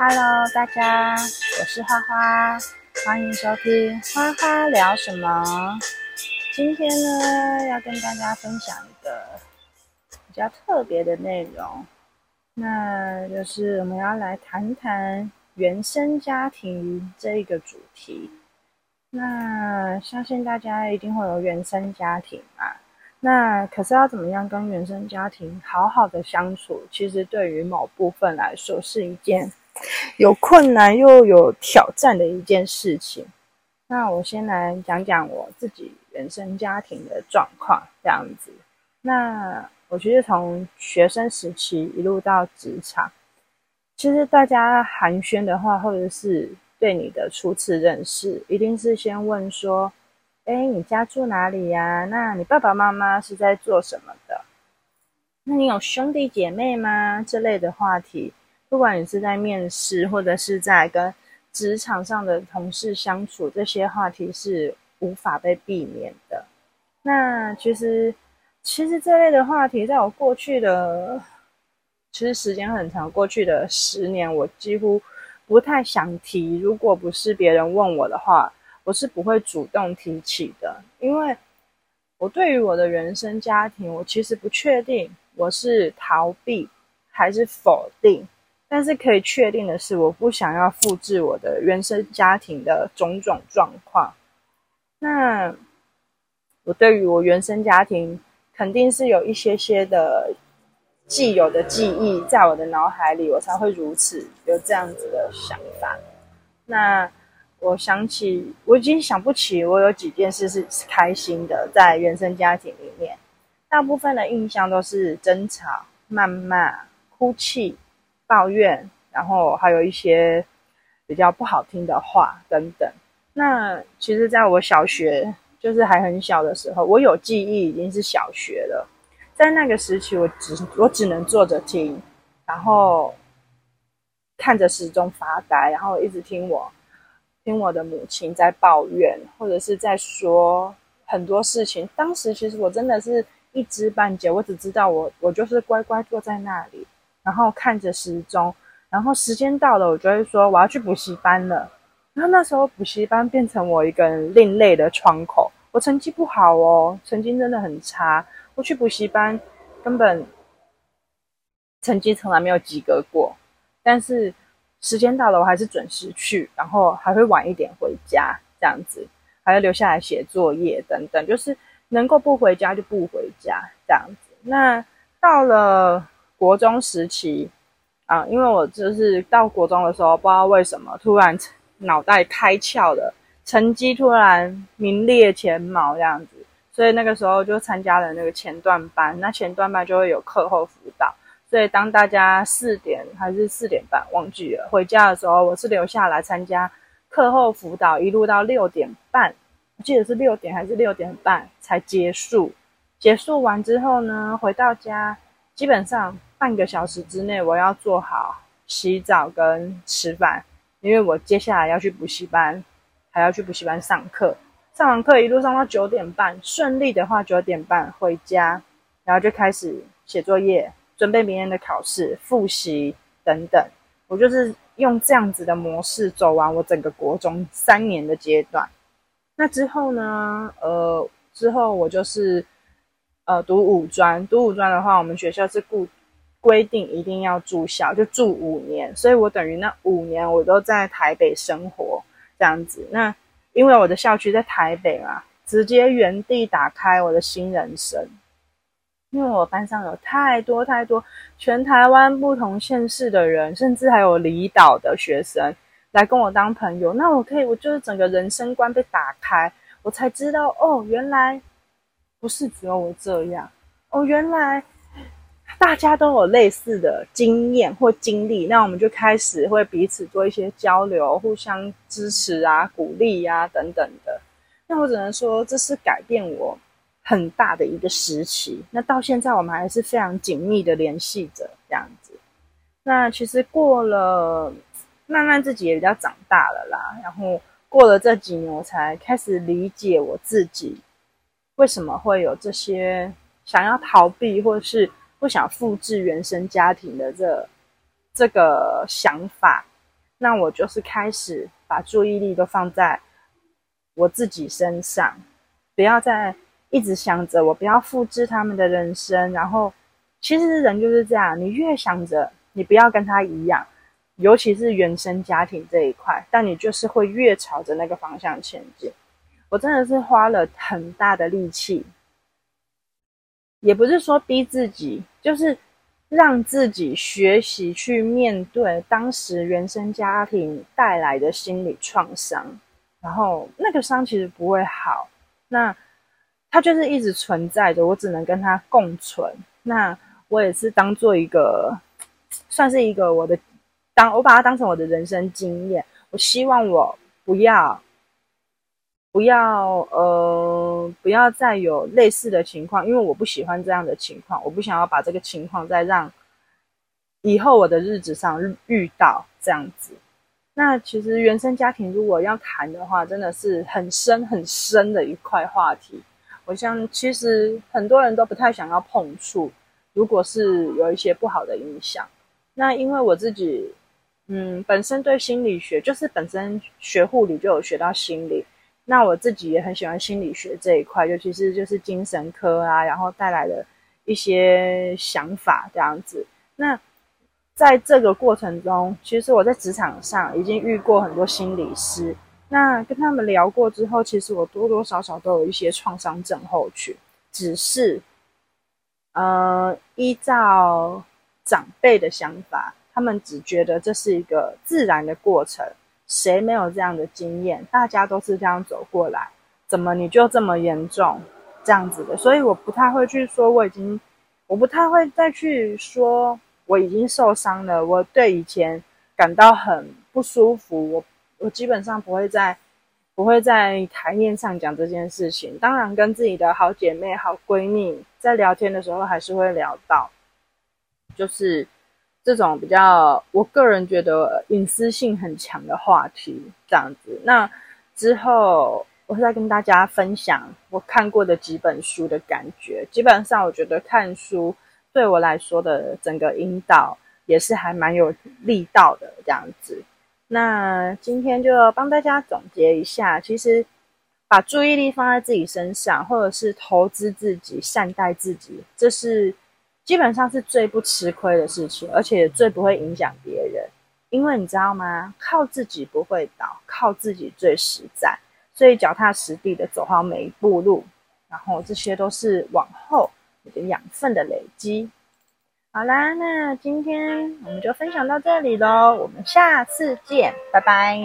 Hello，大家，我是花花，歡迎收聽花花聊什麼。今天呢，要跟大家分享一個比較特別的內容，那就是我們要來談談原生家庭這個主題。那相信大家一定會有原生家庭嘛？那可是要怎麼樣跟原生家庭好好的相處？其實對於某部分來說是一件。有困難又有挑戰的一件事情，那我先來講講我自己原生家庭的狀況。這樣子，那我覺得從學生時期一路到職場，其實大家寒暄的話，或者是對你的初次認識，一定是先問說：“哎，你家住哪裡呀，啊？那你爸爸媽媽是在做什麼的？那你有兄弟姐妹嗎？”這類的話題。不管你是在面試，或者是在跟職場上的同事相處，這些話題是無法被避免的。那其實，其實這類的話題，在我過去的其實時間很長，過去的十年，我幾乎不太想提。如果不是別人問我的話，我是不會主動提起的。因為，我對於我的原生家庭，我其實不確定，我是逃避還是否定。但是可以確定的是，我不想要複製我的原生家庭的種種狀況。那我對於我原生家庭肯定是有一些些的既有的記憶在我的腦海裡，我才會如此有這樣子的想法。那我想起，我已經想不起我有幾件事是開心的，在原生家庭裡面，大部分的印象都是爭吵、謾罵、哭泣。抱怨，然後還有一些比較不好聽的話等等。那其實，在我小學，就是還很小的時候，我有記憶已經是小學了。在那個時期，我只我只能坐着聽，然後看着時鐘發呆，然後一直聽我聽我的母親在抱怨，或者是在說很多事情。當時其實我真的是一知半解，我只知道我我就是乖乖坐在那裡。然後看着時鐘，然後時間到了，我就會說我要去補習班了。然後那時候補習班變成我一個另類的窗口。我成績不好哦，成績真的很差。我去補習班，根本成績從來沒有及格過。但是時間到了，我還是準時去，然後還會晚一點回家，這樣子還會留下來寫作業等等，就是能夠不回家就不回家這樣子。那到了。國中時期，啊、呃，因為我就是到國中的時候，不知道為什麼突然腦袋開竅了，成績突然名列前茅這樣子，所以那個時候就參加了那個前段班。那前段班就會有課後輔導，所以當大家四點還是四點半，忘記了回家的時候，我是留下來參加課後輔導，一路到六點半，記得是六點還是六點半才結束。結束完之後呢，回到家基本上。半個小時之內我要做好洗澡跟吃飯，因為我接下來要去補習班，還要去補習班上課，上完課一路上到九點半，順利的話九點半回家，然後就開始寫作業，準備明天的考試、複習等等。我就是用這樣子的模式走完我整個國中三年的階段。那之後呢？呃，之後我就是呃讀五專，讀五專的話，我們學校是固。規定一定要住校，就住五年，所以我等於那五年我都在台北生活這樣子。那因為我的校區在台北啊，直接原地打開我的新人生。因為我班上有太多太多全台灣不同縣市的人，甚至還有離島的學生來跟我當朋友。那我可以，我就是整個人生觀被打開，我才知道哦，原來不是只有我這樣哦，原來。大家都有類似的經驗或經歷，那我們就開始會彼此做一些交流，互相支持啊、鼓勵呀、啊、等等的。那我只能說，這是改變我很大的一個時期。那到現在，我們還是非常緊密的聯繫着，這樣子。那其實過了，慢慢自己也比較長大了啦。然後過了這幾年，我才開始理解我自己為什麼會有這些想要逃避，或者是。不想複製原生家庭的這這個想法，那我就是開始把注意力都放在我自己身上，不要再一直想着我不要複製他們的人生。然後，其實人就是這樣，你越想着你不要跟他一樣，尤其是原生家庭這一塊，但你就是會越朝着那個方向前進。我真的是花了很大的力氣。也不是說逼自己，就是讓自己學習去面對當時原生家庭帶來的心理創傷，然後那個傷其實不會好，那它就是一直存在着，我只能跟它共存。那我也是當做一個，算是一個我的，當我把它當成我的人生經驗，我希望我不要。不要呃，不要再有類似的情況，因為我不喜歡這樣的情況，我不想要把這個情況再讓以後我的日子上遇到這樣子。那其實原生家庭如果要談的話，真的是很深很深的一塊話題。我想其實很多人都不太想要碰觸，如果是有一些不好的影響，那因為我自己嗯，本身對心理學就是本身學護理就有學到心理。那我自己也很喜歡心理學這一塊，尤其是就是精神科啊，然後帶來的一些想法這樣子。那在這個過程中，其實我在職場上已經遇過很多心理師。那跟他們聊過之後，其實我多多少少都有一些創傷症候群，只是，呃，依照長輩的想法，他們只覺得這是一個自然的過程。誰沒有這樣的經驗？大家都是這樣走過來，怎麼你就這麼嚴重？這樣子的，所以我不太會去說我已經，我不太會再去說我已經受傷了，我對以前感到很不舒服。我我基本上不會在不會在台面上講這件事情。當然，跟自己的好姐妹、好閨蜜在聊天的時候，還是會聊到，就是。這種比較，我個人覺得隱私性很強的話題，這樣子。那之後，我再跟大家分享我看過的幾本書的感覺。基本上，我覺得看書對我來說的整個引導也是還蠻有力道的，這樣子。那今天就幫大家總結一下，其實把注意力放在自己身上，或者是投資自己、善待自己，這是。基本上是最不吃虧的事情，而且最不會影響別人。因為你知道嗎？靠自己不會倒，靠自己最實在。所以腳踏實地的走好每一步路，然後這些都是往後你的養分的累積。好啦，那今天我們就分享到這裡嘍，我們下次見，拜拜。